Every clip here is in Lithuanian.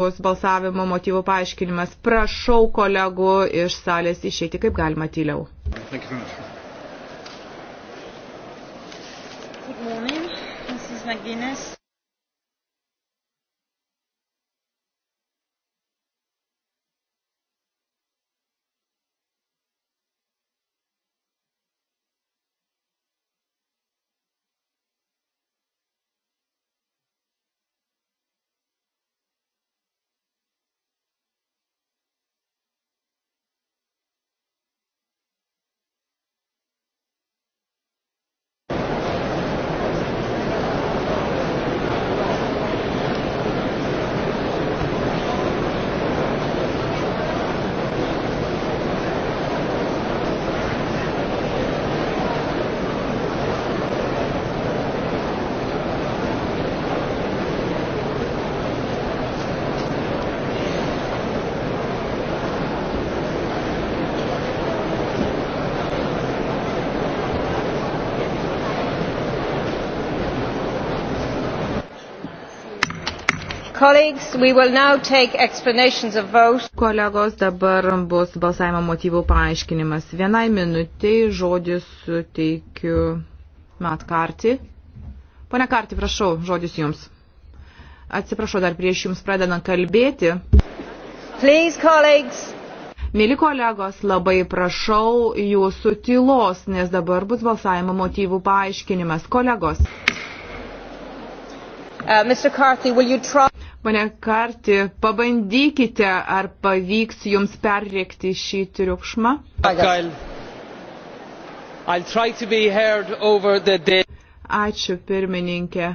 bus balsavimo motyvų paaiškinimas. Prašau kolegų iš salės išeiti kaip galima tyliau. Good morning. Mrs. McGuinness. Kolegos, dabar bus balsavimo motyvų paaiškinimas. Vienai minutiai žodis suteikiu Mat Karti. Pone Karti, prašau, žodis jums. Atsiprašau, dar prieš jums pradedant kalbėti. Please, colleagues. Mėly kolegos, labai prašau jūsų tylos, nes dabar bus balsavimo motyvų paaiškinimas. Kolegos. Uh, Carthy, try... Pane Karti, pabandykite, ar pavyks jums perrėkti šį triukšmą. Ačiū pirmininkė.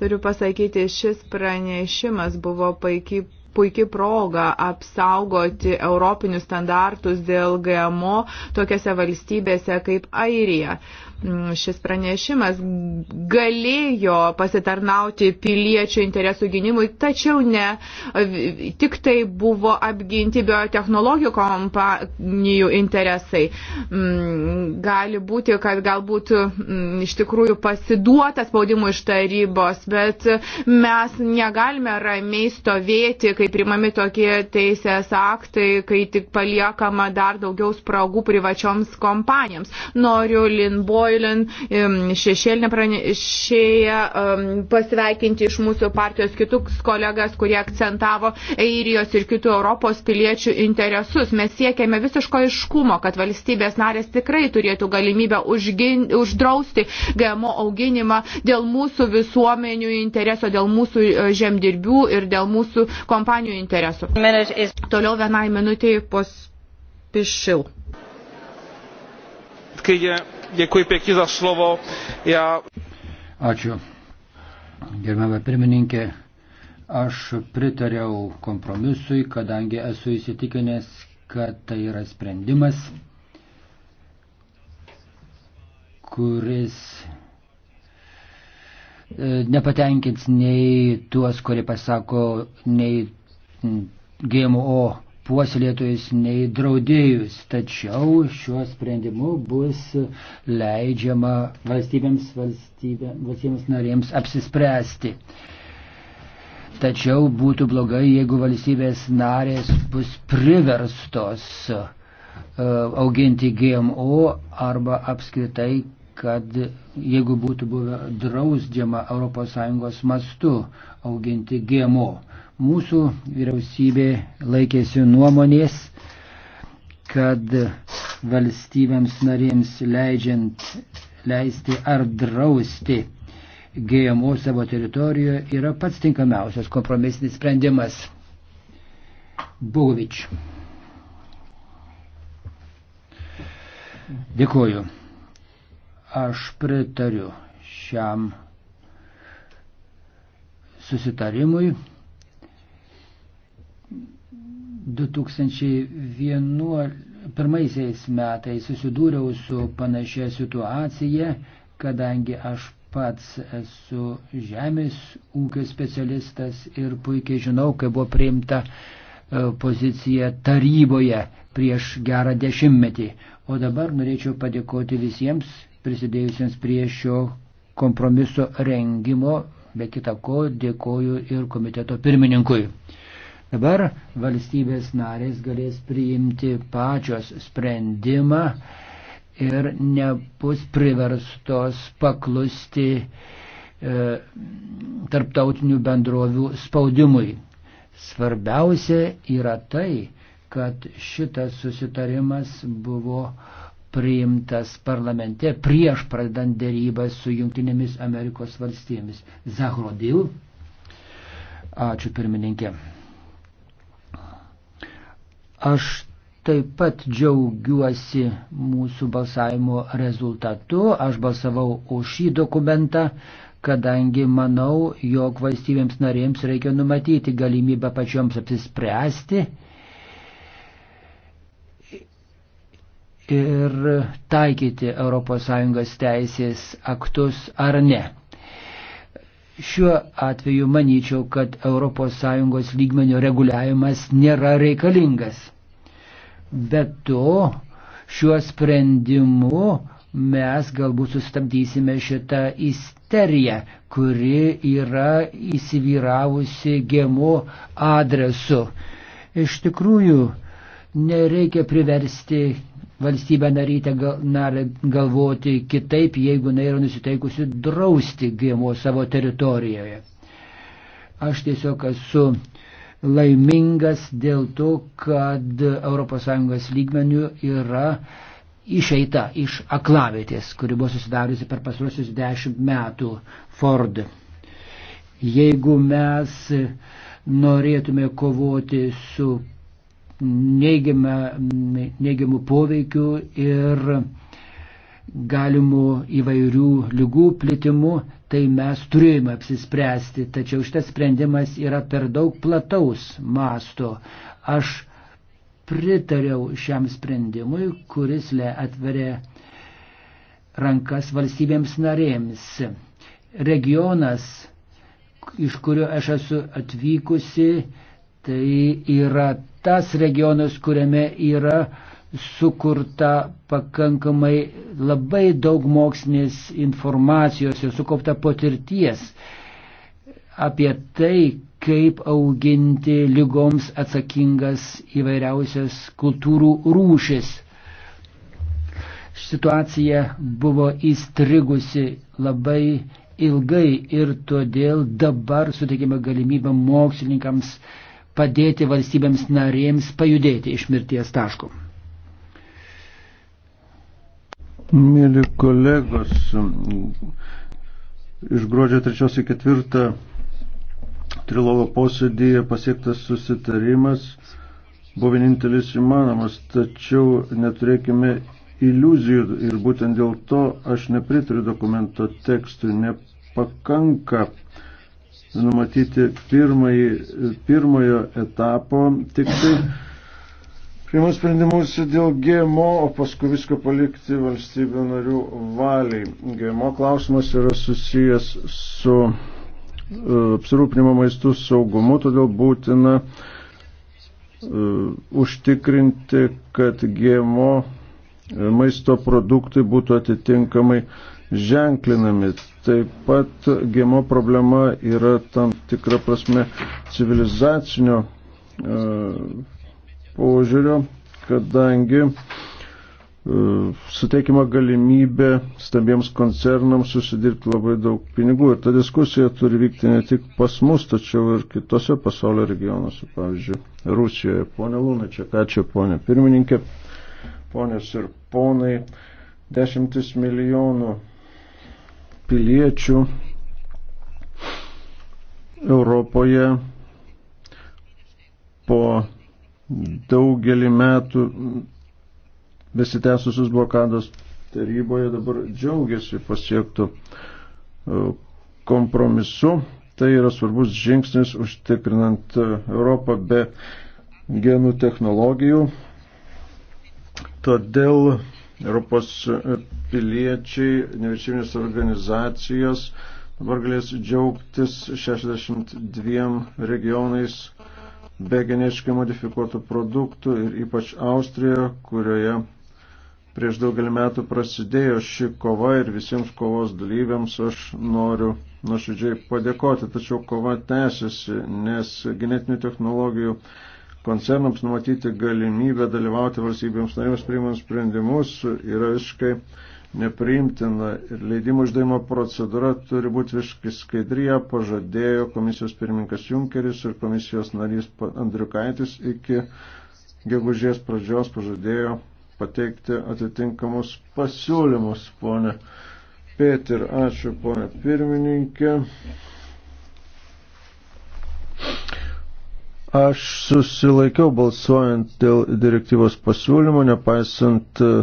Turiu pasakyti, šis pranešimas buvo puikiai puikia proga apsaugoti europinius standartus dėl GMO tokiose valstybėse kaip Airija šis pranešimas galėjo pasitarnauti piliečių interesų gynimui, tačiau ne tik tai buvo apginti biotechnologijų kompanijų interesai. Mm, gali būti, kad galbūt mm, iš tikrųjų pasiduota spaudimu iš tarybos, bet mes negalime ramiai stovėti, kai primami tokie teisės aktai, kai tik paliekama dar daugiau spragų privačioms kompanijoms. Noriu Linboj Boylan, šešėlinę pranešėją, pasveikinti iš mūsų partijos kitus kolegas, kurie akcentavo Airijos ir kitų Europos piliečių interesus. Mes siekiame visiško iškumo, kad valstybės narės tikrai turėtų galimybę užgin, uždrausti GMO auginimą dėl mūsų visuomenių intereso, dėl mūsų e, žemdirbių ir dėl mūsų kompanijų interesų. Toliau vienai minutiai pos pišil. Kai jie Dėkui pėki za slovo. Ja... Ačiū. Gerbėme pirmininkė, aš pritariau kompromisui, kadangi esu įsitikinęs, kad tai yra sprendimas, kuris e, nepatenkins nei tuos, kurie pasako, nei GMO puoselėtojus nei draudėjus. Tačiau šiuo sprendimu bus leidžiama valstybėms, valstybė, valstybėms narėms apsispręsti. Tačiau būtų blogai, jeigu valstybės narės bus priverstos uh, auginti GMO arba apskritai kad jeigu būtų buvę drausdžiama ES mastu auginti GMO. Mūsų vyriausybė laikėsi nuomonės, kad valstybėms narėms leidžiant leisti ar drausti GMO savo teritorijoje yra pats tinkamiausias kompromisinis sprendimas. Bogovič. Dėkuoju. Aš pritariu šiam susitarimui. 2001 metais susidūriau su panašia situacija, kadangi aš pats esu žemės ūkio specialistas ir puikiai žinau, kai buvo priimta e, pozicija taryboje prieš gerą dešimtmetį. O dabar norėčiau padėkoti visiems prisidėjusiems prie šio kompromiso rengimo, be kita ko dėkoju ir komiteto pirmininkui. Dabar valstybės narės galės priimti pačios sprendimą ir nebus priverstos paklusti e, tarptautinių bendrovių spaudimui. Svarbiausia yra tai, kad šitas susitarimas buvo priimtas parlamente prieš pradant dėrybas su Junktinėmis Amerikos valstybėmis. Zahrodil. Ačiū pirmininkė. Aš taip pat džiaugiuosi mūsų balsavimo rezultatu. Aš balsavau už šį dokumentą, kadangi manau, jog valstybėms narėms reikia numatyti galimybę pačioms apsispręsti. Ir taikyti ES teisės aktus ar ne. Šiuo atveju manyčiau, kad ES lygmenio reguliavimas nėra reikalingas. Bet to šiuo sprendimu mes galbūt sustabdysime šitą isteriją, kuri yra įsivyravusi gėmų adresu. Iš tikrųjų, nereikia priversti valstybę narytę gal, galvoti kitaip, jeigu jinai yra nusiteikusi drausti gėmų savo teritorijoje. Aš tiesiog esu uh, laimingas dėl to, kad ES lygmenių yra išeita iš aklavėtės, kuri buvo susidariusi per pasruosius dešimt metų Ford. Jeigu mes norėtume kovoti su neigiama, neigiamu poveikiu ir galimu įvairių lygų plitimu, tai mes turėjome apsispręsti, tačiau šitas sprendimas yra per daug plataus masto. Aš pritariau šiam sprendimui, kuris le atveria rankas valstybėms narėms. Regionas, iš kurio aš esu atvykusi, tai yra tas regionas, kuriame yra sukurta pakankamai labai daug mokslinės informacijos ir sukaupta patirties apie tai, kaip auginti lygoms atsakingas įvairiausias kultūrų rūšis. Situacija buvo įstrigusi labai ilgai ir todėl dabar suteikime galimybę mokslininkams padėti valstybėms narėms pajudėti iš mirties taško. Mėly kolegos, iš gruodžio 3 į 4 trilogo posėdėje pasiektas susitarimas buvo vienintelis įmanomas, tačiau neturėkime iliuzijų ir būtent dėl to aš nepritariu dokumento tekstui, nepakanka numatyti pirmai, pirmojo etapo tik tai priimus sprendimus dėl GMO, o paskui viską palikti valstybių narių valiai. GMO klausimas yra susijęs su e, apsirūpinimo maistų saugumu, todėl būtina e, užtikrinti, kad GMO e, maisto produktai būtų atitinkamai ženklinami. Taip pat GMO problema yra tam tikra prasme civilizacinio požiūrio, kadangi e, suteikima galimybė stambiems koncernams susidirbti labai daug pinigų. Ir ta diskusija turi vykti ne tik pas mus, tačiau ir kitose pasaulio regionuose, pavyzdžiui, Rusijoje. Pone Lūnačia, ačiū, ponė pirmininkė, ponės ir ponai, dešimtis milijonų piliečių Europoje daugelį metų besitęsusius blokados taryboje dabar džiaugiasi pasiektų e, kompromisu. Tai yra svarbus žingsnis užtikrinant e, Europą be genų technologijų. Todėl Europos piliečiai, nevyriausybinės organizacijos dabar galės džiaugtis 62 regionais be genetiškai modifikuotų produktų ir ypač Austrijoje, kurioje prieš daugelį metų prasidėjo ši kova ir visiems kovos dalyviams aš noriu nuoširdžiai padėkoti. Tačiau kova tęsiasi, nes genetinių technologijų koncernams numatyti galimybę dalyvauti valstybėms narėms priimant sprendimus yra visiškai nepriimtina ir leidimo išdavimo procedūra turi būti visiškai skaidrija, pažadėjo komisijos pirmininkas Junkeris ir komisijos narys Andriukaitis iki gegužės pradžios pažadėjo pateikti atitinkamus pasiūlymus, ponė Pėtir, ačiū ponė pirmininkė. Aš susilaikiau balsuojant dėl direktyvos pasiūlymo, nepaisant uh,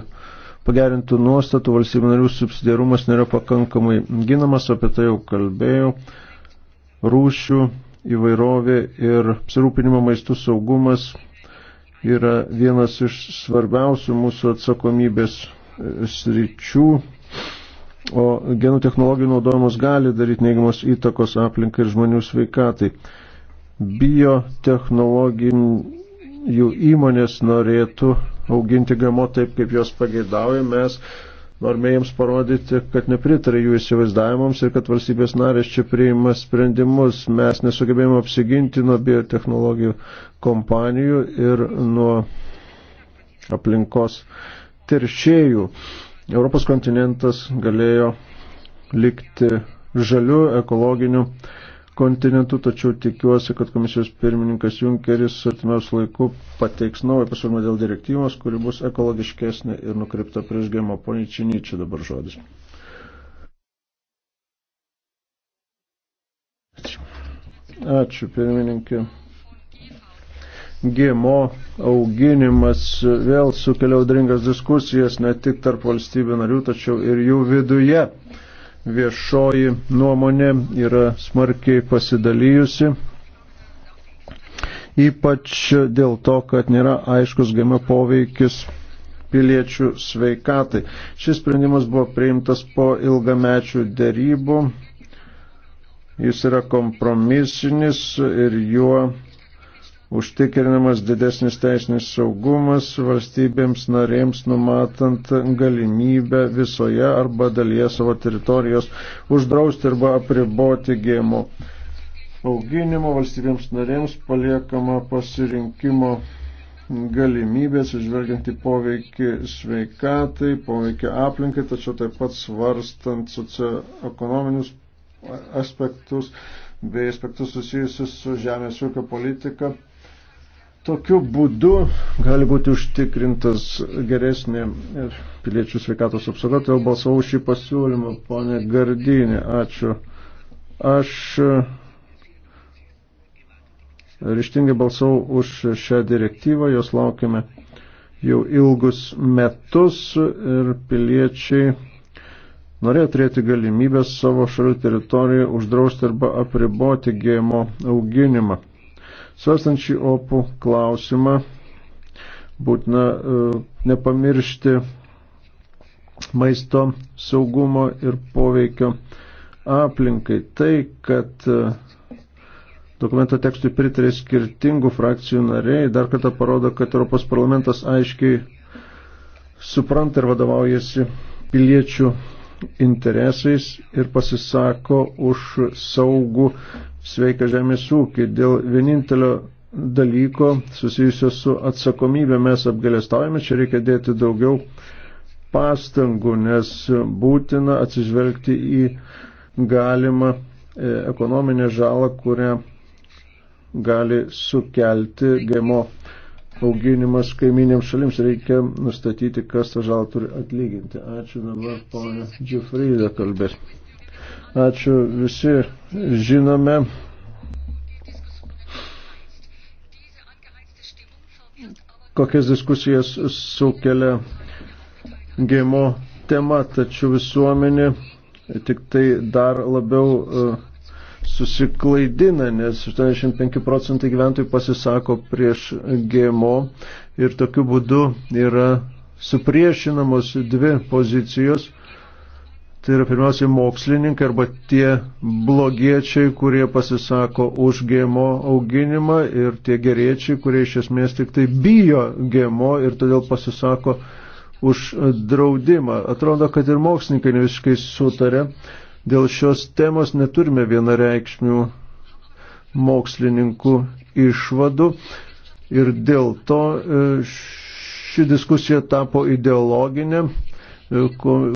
pagerintų nuostatų valstybių narių subsidiarumas nėra pakankamai ginamas, apie tai jau kalbėjau, rūšių įvairovė ir apsirūpinimo maistų saugumas yra vienas iš svarbiausių mūsų atsakomybės e, sričių, o genų technologijų naudojimas gali daryti neigiamos įtakos aplinkai ir žmonių sveikatai. Biotechnologijų įmonės norėtų auginti GMO taip, kaip jos pageidauja, mes norime jiems parodyti, kad nepritarė jų įsivaizdavimams ir kad valstybės narės čia priima sprendimus. Mes nesugebėjome apsiginti nuo biotehnologijų kompanijų ir nuo aplinkos teršėjų. Europos kontinentas galėjo likti žaliu ekologiniu kontinentu, tačiau tikiuosi, kad komisijos pirmininkas Junkeris atmiausiu laiku pateiks naują pasiūlymą dėl direktyvos, kuri bus ekologiškesnė ir nukreipta prieš gėmo. Pone Činyčia dabar žodis. Ačiū pirmininkė. GMO auginimas vėl sukelia audringas diskusijas ne tik tarp valstybių narių, tačiau ir jų viduje viešoji nuomonė yra smarkiai pasidalyjusi. Ypač dėl to, kad nėra aiškus gama poveikis piliečių sveikatai. Šis sprendimas buvo priimtas po ilgamečių dėrybų. Jis yra kompromisinis ir juo užtikrinamas didesnis teisinis saugumas valstybėms narėms numatant galimybę visoje arba dalyje savo teritorijos uždrausti arba apriboti gėmo auginimo valstybėms narėms paliekama pasirinkimo galimybės, išvelgiant į poveikį sveikatai, poveikį aplinkai, tačiau taip pat svarstant socioekonominius aspektus bei aspektus susijusius su žemės ūkio politika Tokiu būdu gali būti užtikrintas geresnė piliečių sveikatos apsauga, tai jau balsavau šį pasiūlymą, ponė Gardinė, ačiū. Aš e, ryštingai balsavau už šią direktyvą, jos laukiame jau ilgus metus ir piliečiai norėjo turėti galimybę savo šalių teritorijoje uždrausti arba apriboti gėjimo auginimą. Svarstant šį opų klausimą, būtina e, nepamiršti maisto saugumo ir poveikio aplinkai. Tai, kad e, dokumento tekstui pritarė skirtingų frakcijų nariai, dar kartą parodo, kad Europos parlamentas aiškiai supranta ir vadovaujasi piliečių interesais ir pasisako už saugų sveiką žemės ūkį. Dėl vienintelio dalyko susijusio su atsakomybė mes apgalėstaujame, čia reikia dėti daugiau pastangų, nes būtina atsižvelgti į galimą e, ekonominę žalą, kurią gali sukelti GMO auginimas kaiminėms šalims. Reikia nustatyti, kas tą žalą turi atlyginti. Ačiū dabar, ponė Džiufrida kalbės. Ačiū visi žinome, kokias diskusijas sukelia gėmo tema, tačiau visuomenė tik tai dar labiau e, susiklaidina, nes 85 procentai gyventojų pasisako prieš gėmo ir tokiu būdu yra supriešinamos dvi pozicijos Tai yra pirmiausiai mokslininkai arba tie blogiečiai, kurie pasisako už gėmo auginimą ir tie geriečiai, kurie iš esmės tik tai bijo gėmo ir todėl pasisako už draudimą. Atrodo, kad ir mokslininkai ne visiškai sutarė. Dėl šios temos neturime vienareikšmių mokslininkų išvadų ir dėl to e, ši diskusija tapo ideologinė E,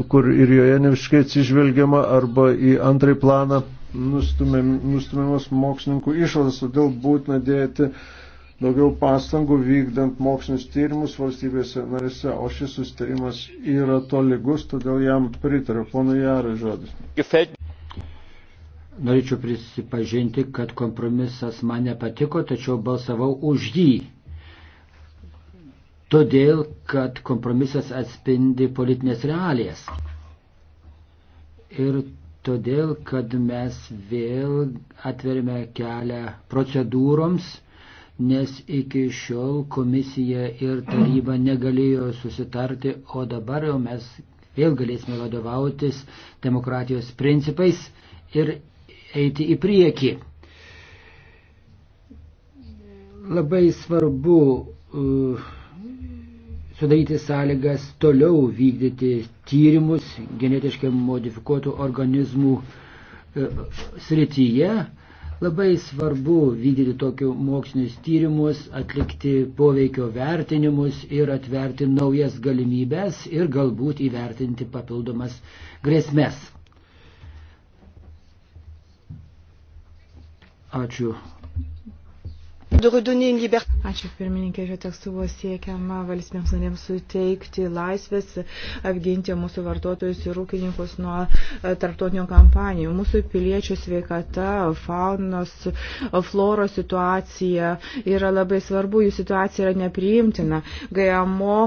kur ir joje neviškai atsižvelgiama arba į antrąjį planą nustumiamas mokslininkų išvadas, todėl būtina dėti daugiau pastangų vykdant mokslinius tyrimus valstybėse narise, o šis sustarimas yra tolygus, todėl jam pritariu. Pono Jarai žodis. Norėčiau prisipažinti, kad kompromisas man nepatiko, tačiau balsavau už jį todėl kad kompromisas atspindi politinės realijas. Ir todėl, kad mes vėl atverime kelią procedūroms, nes iki šiol komisija ir taryba negalėjo susitarti, o dabar jau mes vėl galėsime vadovautis demokratijos principais ir eiti į priekį. Labai svarbu uh, sudaryti sąlygas toliau vykdyti tyrimus genetiškai modifikuotų organizmų e, srityje. Labai svarbu vykdyti tokius mokslinius tyrimus, atlikti poveikio vertinimus ir atverti naujas galimybės ir galbūt įvertinti papildomas grėsmės. Ačiū de redonner une liberté. Ačiū pirmininkė, šio tekstu buvo siekiama valstybėms narėms suteikti laisvės, apginti mūsų vartotojus ir ūkininkus nuo e, tarptautinių kampanijų. Mūsų piliečių sveikata, faunos, floro situacija yra labai svarbu, jų situacija yra nepriimtina. GMO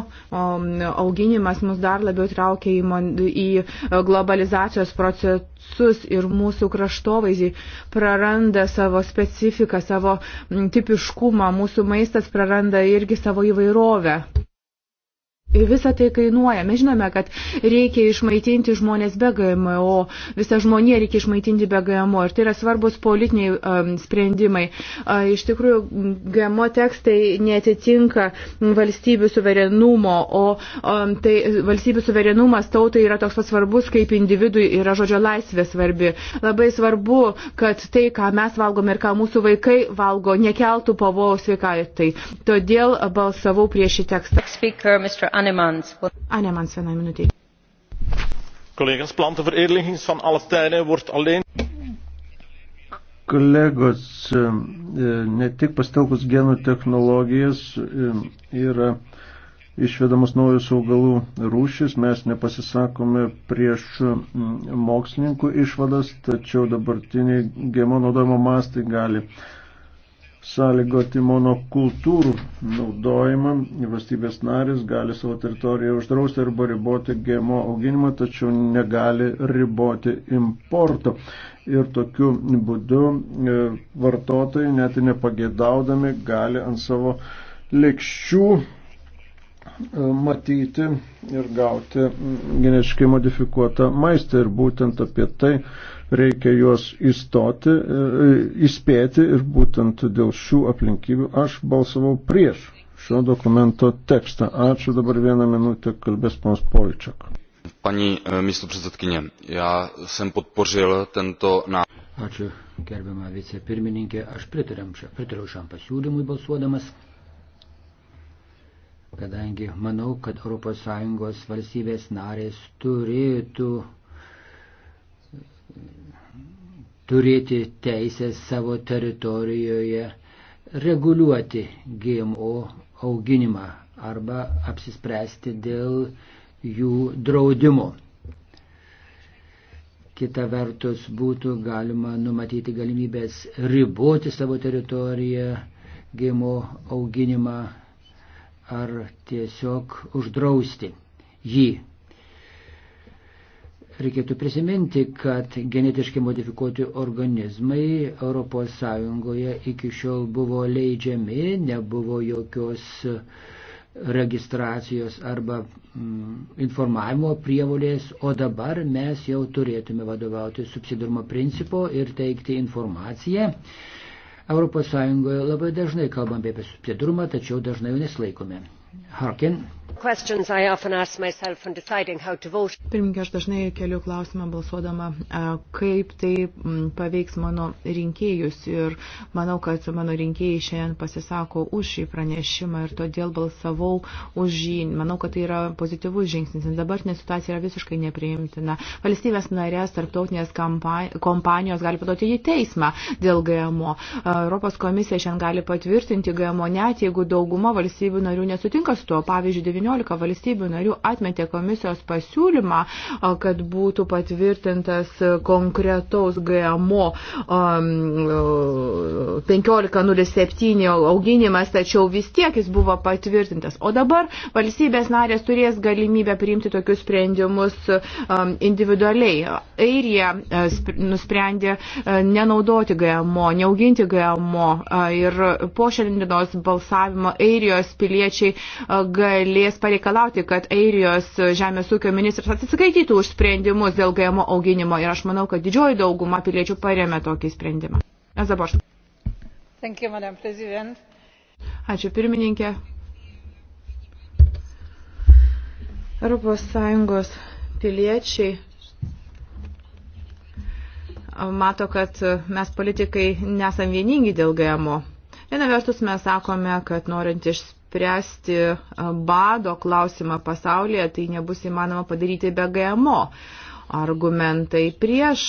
auginimas mus dar labiau traukia į, mon, į e, globalizacijos procesus ir mūsų kraštovaizdžiai praranda savo specifiką, savo tipiškumą sezoniškumą, mūsų maistas praranda irgi savo įvairovę. Visą tai kainuoja. Mes žinome, kad reikia išmaitinti žmonės be GMO, visą žmoniją reikia išmaitinti be GMO ir tai yra svarbus politiniai um, sprendimai. Uh, iš tikrųjų, GMO tekstai netitinka valstybių suverenumo, o um, tai valstybių suverenumas tautai yra toks pats svarbus, kaip individui yra žodžio laisvė svarbi. Labai svarbu, kad tai, ką mes valgome ir ką mūsų vaikai valgo, nekeltų pavojaus sveikatai. Todėl balsavau prieš šį tekstą. Speaker, Mr. An Anemans, vienai minutiai. Collega's, plantenveredeling van alle tijden wordt alleen. Kolegos, ehm, eh, ne tik pastelkus genų technologijas ehm, yra išvedamos naujos augalų rūšis, mes nepasisakome prieš mm, mokslininkų išvadas, tačiau dabartiniai gemo naudojimo mastai gali sąlygoti monokultūrų naudojimą. Valstybės narės gali savo teritoriją uždrausti arba riboti GMO auginimą, tačiau negali riboti importo. Ir tokiu būdu e, vartotojai, net ir nepageidaudami, gali ant savo lėkščių matyti ir gauti genetiškai modifikuotą maistą ir būtent apie tai reikia juos įstoti, e, įspėti ir būtent dėl šių aplinkybių aš balsavau prieš šio dokumento tekstą. Ačiū dabar vieną minutę, kalbės panas Polčiak. Pani e, místo předsedkyně, já jsem podpořil tento návrh. Ačiū, gerbiama vicepirmininkė, aš pritariu šiam pasiūlymui balsuodamas kadangi manau, kad ES valstybės narės turėtų turėti teisę savo teritorijoje reguliuoti GMO auginimą arba apsispręsti dėl jų draudimo. Kita vertus būtų galima numatyti galimybės riboti savo teritoriją, gimo auginimą ar tiesiog uždrausti jį. Reikėtų prisiminti, kad genetiškai modifikuoti organizmai ES iki šiol buvo leidžiami, nebuvo jokios registracijos arba mm, informavimo prievolės, o dabar mes jau turėtume vadovauti subsidarumo principo ir teikti informaciją Europos Sąjungoje labai dažnai kalbam apie subsidirumą, tačiau dažnai jo nesilaikome. Harkin. Pirmininkė, aš dažnai keliu klausimą balsuodama, kaip tai paveiks mano rinkėjus ir manau, kad mano rinkėjai šiandien pasisako už šį pranešimą ir todėl balsavau už jį. Manau, kad tai yra pozityvus žingsnis, nes dabartinė situacija yra visiškai nepriimtina. Valstybės narės, tarptautinės kompanijos gali paduoti į teismą dėl GMO. Europos komisija šiandien gali patvirtinti GMO net, jeigu dauguma valstybių narių nesutinka su tuo. Pavyzdžiui, 18 valstybių narių atmetė komisijos pasiūlymą, kad būtų patvirtintas konkretaus GMO 1507 auginimas, tačiau vis tiek jis buvo patvirtintas. O dabar valstybės narės turės galimybę priimti tokius sprendimus individualiai. Airija nusprendė nenaudoti GMO, neauginti GMO ir po šiandienos balsavimo Airijos piliečiai galės reikės pareikalauti, kad Airijos žemės ūkio ministras atsiskaitytų už sprendimus dėl GMO auginimo ir aš manau, kad didžioji dauguma piliečių paremė tokį sprendimą. Ezaboš. Ačiū pirmininkė. Europos Sąjungos piliečiai mato, kad mes politikai nesam vieningi dėl GMO. Viena vertus mes sakome, kad norint išspręsti spręsti bado klausimą pasaulyje, tai nebus įmanoma padaryti be GMO argumentai prieš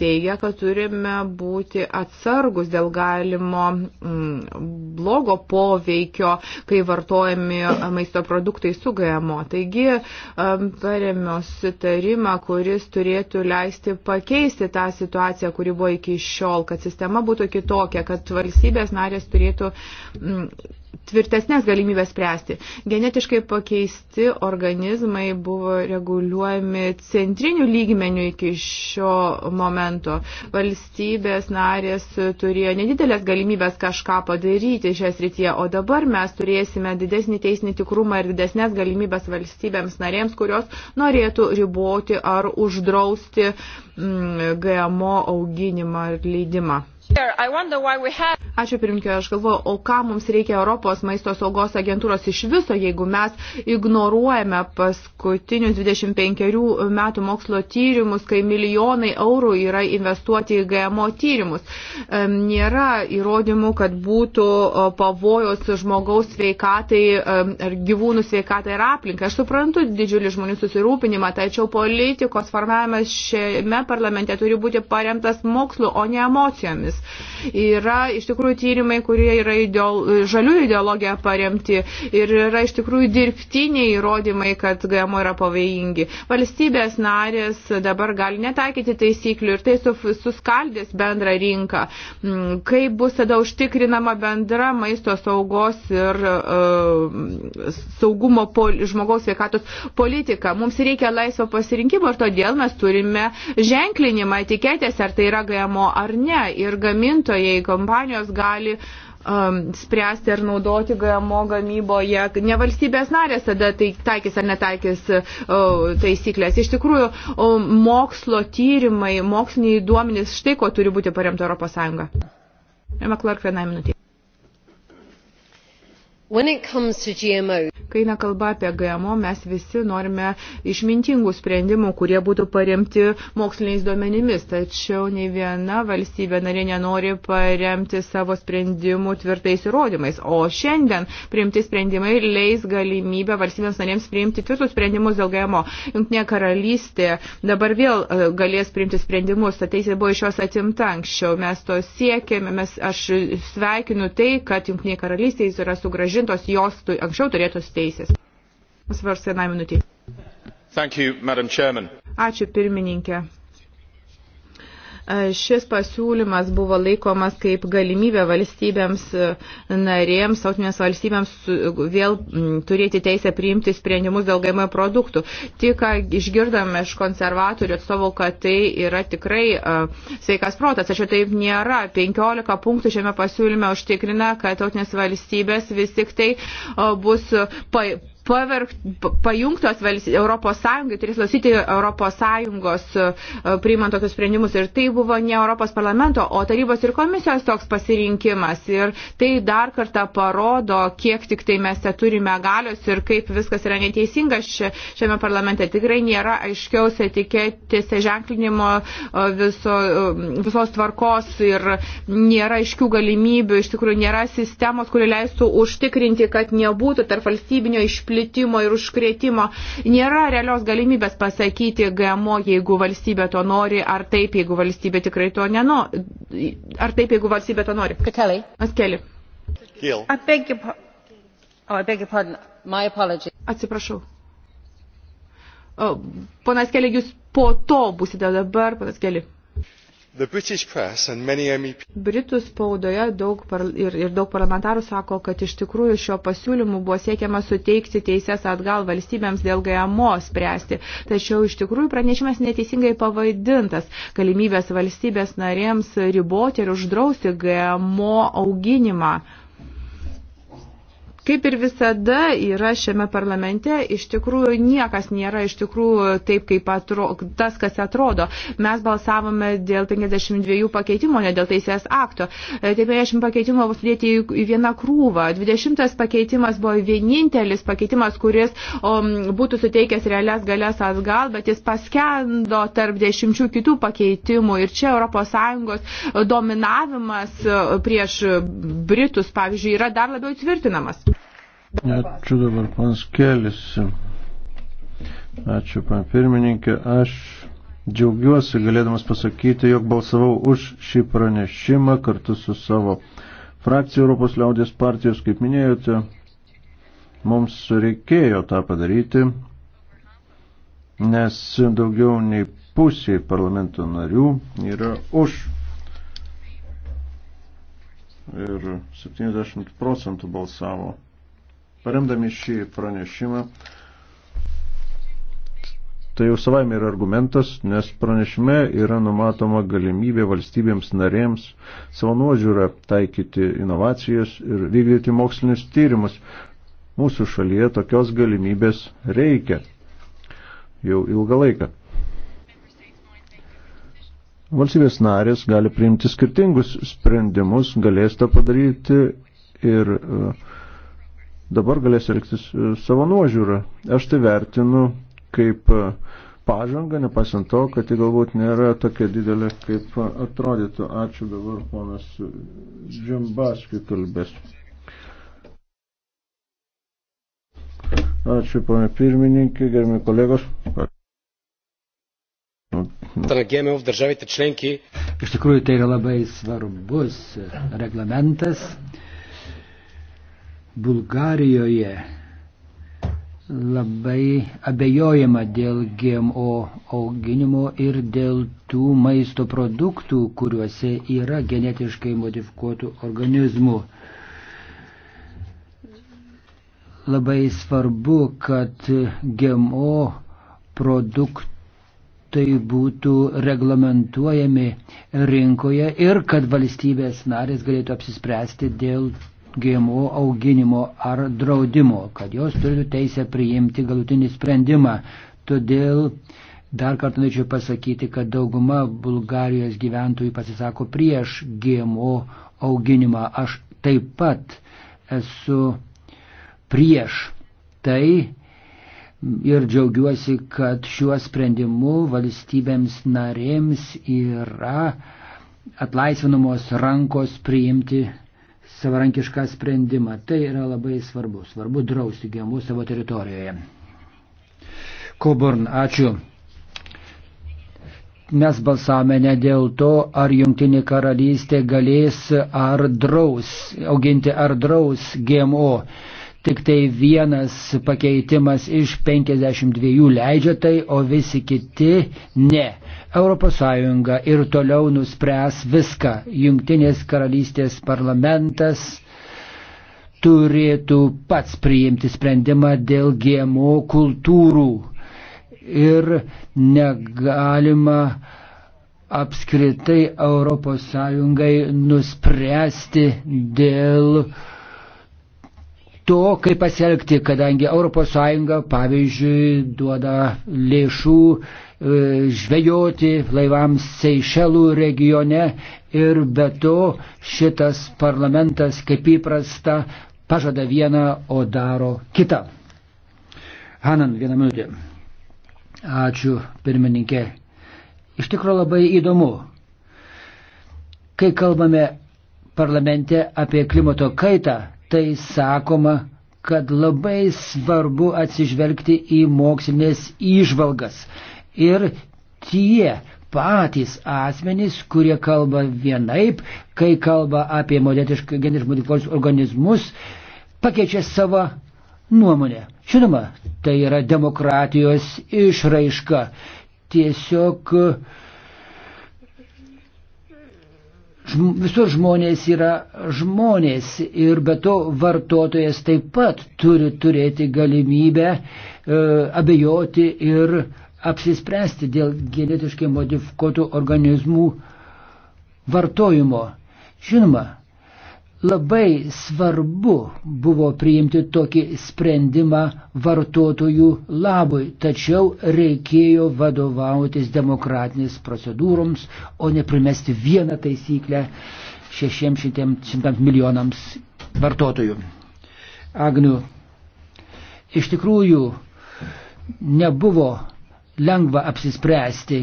teigia, kad turime būti atsargus dėl galimo mm, blogo poveikio, kai vartojami maisto produktai su GMO. Taigi paremiu sutarimą, kuris turėtų leisti pakeisti tą situaciją, kuri buvo iki šiol, kad sistema būtų kitokia, kad valstybės narės turėtų mm, tvirtesnės galimybės spręsti. Genetiškai pakeisti organizmai buvo reguliuojami centrinių lygmenių iki šio momento. Valstybės narės turėjo nedidelės galimybės kažką padaryti šią srityje, o dabar mes turėsime didesnį teisinį tikrumą ir didesnės galimybės valstybėms narėms, kurios norėtų riboti ar uždrausti mm, GMO auginimą ir leidimą. Ačiū pirmkė, aš galvoju, o ką mums reikia Europos maisto saugos agentūros iš viso, jeigu mes ignoruojame paskutinius 25 metų mokslo tyrimus, kai milijonai eurų yra investuoti į GMO tyrimus. Nėra įrodymų, kad būtų pavojos žmogaus sveikatai ar gyvūnų sveikatai ir aplinkai. Aš suprantu didžiulį žmonių susirūpinimą, tačiau politikos formavimas šiame parlamente turi būti paremtas mokslu, o ne emocijomis. Yra iš tikrųjų tyrimai, kurie yra ideolo, žaliųjų ideologiją paremti ir yra iš tikrųjų dirbtiniai įrodymai, kad GMO yra pavojingi. Valstybės narės dabar gali netaikyti taisyklių ir tai suskaldės bendrą rinką. Mm, kaip bus tada užtikrinama bendra maisto saugos ir uh, saugumo pol, žmogaus sveikatos politika? Mums reikia laisvo pasirinkimo ir todėl mes turime ženklinimą etiketės, ar tai yra GMO ar ne. Ir gamintojai, kompanijos gali um, spręsti ar naudoti GMO gamyboje. Ne valstybės narės tada tai taikys ar netaikys uh, taisyklės. Iš tikrųjų, um, mokslo tyrimai, moksliniai duomenys, štai ko turi būti paremta Europos Sąjunga. Emma Clark, vienai minutė. When it comes to GMOs, Kai nekalba apie GMO, mes visi norime išmintingų sprendimų, kurie būtų paremti moksliniais duomenimis. Tačiau nei viena valstybė narė nenori paremti savo sprendimų tvirtais įrodymais. O šiandien priimti sprendimai leis galimybę valstybėms narėms priimti tvirtus sprendimus dėl GMO. Junktinė karalystė dabar vėl e, galės priimti sprendimus. Ta teisė buvo iš jos atimta anksčiau. Mes to siekėme. Mes, aš sveikinu tai, kad Junktinė karalystė yra sugražintos jos anksčiau turėtos teisės teisės. Svars vienai minutį. Ačiū pirmininkė. Šis pasiūlymas buvo laikomas kaip galimybė valstybėms e, narėms, tautinės valstybėms vėl turėti teisę priimti sprendimus dėl GM produktų. Tik išgirdome iš konservatorių atstovų, kad tai yra tikrai sveikas protas, tačiau taip nėra. 15 punktų šiame pasiūlyme užtikrina, kad tautinės valstybės vis tik tai bus pa, pavergt, pajungtos Europos Sąjungai, turės klausyti Europos Sąjungos e, priimant tokius sprendimus. Ir tai buvo ne Europos parlamento, o tarybos ir komisijos toks pasirinkimas. Ir tai dar kartą parodo, kiek tik tai mes te turime galios ir kaip viskas yra neteisinga šiame parlamente. Tikrai nėra aiškiaus etiketėse ženklinimo e, viso, e, visos tvarkos ir nėra aiškių galimybių, iš tikrųjų nėra sistemos, kuri leistų užtikrinti, kad nebūtų tarp valstybinio išplėtimo plitimo ir užkrėtimo. Nėra realios galimybės pasakyti GMO, jeigu valstybė to nori, ar taip, jeigu valstybė tikrai to nenori. Ar taip, jeigu valstybė to nori. Kelly. Kelly. Oh, Atsiprašau. O, ponas Kelly, jūs po to būsite dabar, ponas Kelly. E Britų spaudoje daug par, ir, ir daug parlamentarų sako, kad iš tikrųjų šio pasiūlymu buvo siekiama suteikti teises atgal valstybėms dėl GMO spręsti. Tačiau iš tikrųjų pranešimas neteisingai pavadintas - galimybės valstybės narėms riboti ir uždrausti GMO auginimą. Kaip ir visada yra šiame parlamente, iš tikrųjų niekas nėra iš tikrųjų taip, kaip atro, tas, kas atrodo. Mes balsavome dėl 52 pakeitimo, ne dėl teisės akto. E, tai 50 pakeitimo buvo sudėti į vieną krūvą. 20 pakeitimas buvo vienintelis pakeitimas, kuris o, um, būtų suteikęs realias galės atgal, bet jis paskendo tarp dešimčių kitų pakeitimų. Ir čia ES e, dominavimas e, prieš Britus, pavyzdžiui, yra dar labiau tvirtinamas. Ačiū dabar pans Kelis. Ačiū pan pirmininkė. Aš džiaugiuosi galėdamas pasakyti, jog balsavau už šį pranešimą kartu su savo frakcija Europos liaudės partijos, kaip minėjote. Mums reikėjo tą padaryti, nes daugiau nei pusė parlamento narių yra už. Ir 70 procentų balsavo Paremdami šį pranešimą, tai jau savaime yra argumentas, nes pranešime yra numatoma galimybė valstybėms narėms savo nuožiūrą taikyti inovacijas ir vykdyti mokslinis tyrimus. Mūsų šalyje tokios galimybės reikia jau ilgą laiką. Valstybės narės gali priimti skirtingus sprendimus, galės tą padaryti ir uh, dabar galės elgtis e, savo nuožiūrą. Aš tai vertinu kaip e, pažanga, nepasiant to, kad ji galbūt nėra tokia didelė, kaip atrodytų. Ačiū dabar ponas Džembaskį kalbės. Ačiū, ponė pirmininkė, gerbimi kolegos. Iš tikrųjų, tai yra labai svarbus reglamentas Bulgarijoje labai abejojama dėl GMO auginimo ir dėl tų maisto produktų, kuriuose yra genetiškai modifikuotų organizmų. Labai svarbu, kad GMO produktai būtų reglamentuojami rinkoje ir kad valstybės narės galėtų apsispręsti dėl GMO auginimo ar draudimo, kad jos turi teisę priimti galutinį sprendimą. Todėl dar kartą norėčiau pasakyti, kad dauguma Bulgarijos gyventojų pasisako prieš GMO auginimą. Aš taip pat esu prieš tai ir džiaugiuosi, kad šiuo sprendimu valstybėms narėms yra atlaisvinamos rankos priimti savarankišką sprendimą. Tai yra labai svarbu. Svarbu drausti gemus savo teritorijoje. Koburn, ačiū. Mes balsavome ne dėl to, ar jungtinė karalystė galės ar draus, auginti ar draus GMO tik tai vienas pakeitimas iš 52 leidžia tai, o visi kiti ne. ES ir toliau nuspręs viską. Jungtinės karalystės parlamentas turėtų pats priimti sprendimą dėl GMO kultūrų ir negalima apskritai ES nuspręsti dėl uh, to, kaip pasielgti, kadangi ES, pavyzdžiui, duoda lėšų e, žvejoti laivams Seišelų regione ir be to šitas parlamentas, kaip įprasta, pažada vieną, o daro kitą. Hanan, vieną minutę. Ačiū, pirmininkė. Iš tikrųjų labai įdomu, kai kalbame parlamente apie klimato kaitą, tai sakoma, kad labai svarbu atsižvelgti į mokslinės įžvalgas. Ir tie patys asmenys, kurie kalba vienaip, kai kalba apie genetiškai modifikuotus organizmus, pakeičia savo nuomonę. Žinoma, tai yra demokratijos išraiška. Tiesiog uh, žm visur žmonės yra žmonės ir be to vartotojas taip pat turi turėti galimybę e, abejoti ir apsispręsti dėl genetiškai modifikuotų organizmų vartojimo. Žinoma, Labai svarbu buvo priimti tokį sprendimą vartotojų labui, tačiau reikėjo vadovautis demokratinės procedūroms, o ne primesti vieną taisyklę 600 milijonams vartotojų. Agnių, iš tikrųjų nebuvo lengva apsispręsti,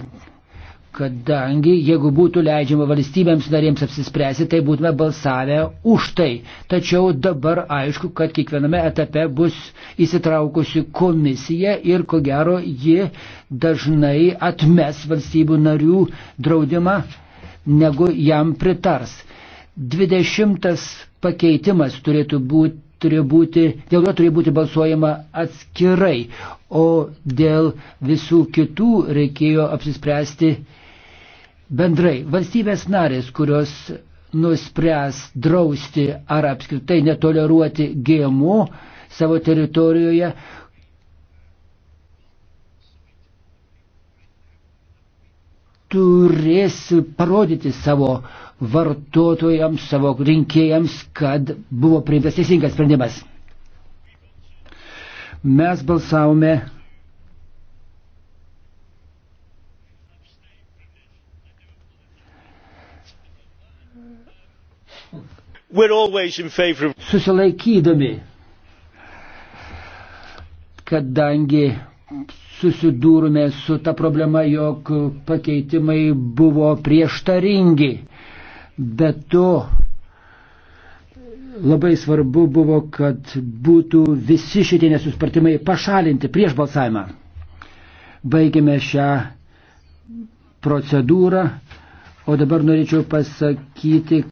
kadangi jeigu būtų leidžiama valstybėms narėms apsispręsti, tai būtume balsavę už tai. Tačiau dabar aišku, kad kiekviename etape bus įsitraukusi komisija ir ko gero ji dažnai atmes valstybių narių draudimą, negu jam pritars. 20 pakeitimas turėtų būti. Turėjo būti, dėl jo turėjo būti balsuojama atskirai, o dėl visų kitų reikėjo apsispręsti uh, Bendrai, valstybės narės, kurios nuspręs drausti ar apskritai netoleruoti GMO savo teritorijoje, turės parodyti savo vartotojams, savo rinkėjams, kad buvo priimtas teisingas sprendimas. Mes balsavome Susilaikydami, kadangi susidūrėme su ta problema, jog pakeitimai buvo prieštaringi, bet to labai svarbu buvo, kad būtų visi šitie nesuspratimai pašalinti prieš balsavimą. Baigėme šią procedūrą, o dabar norėčiau pasakyti,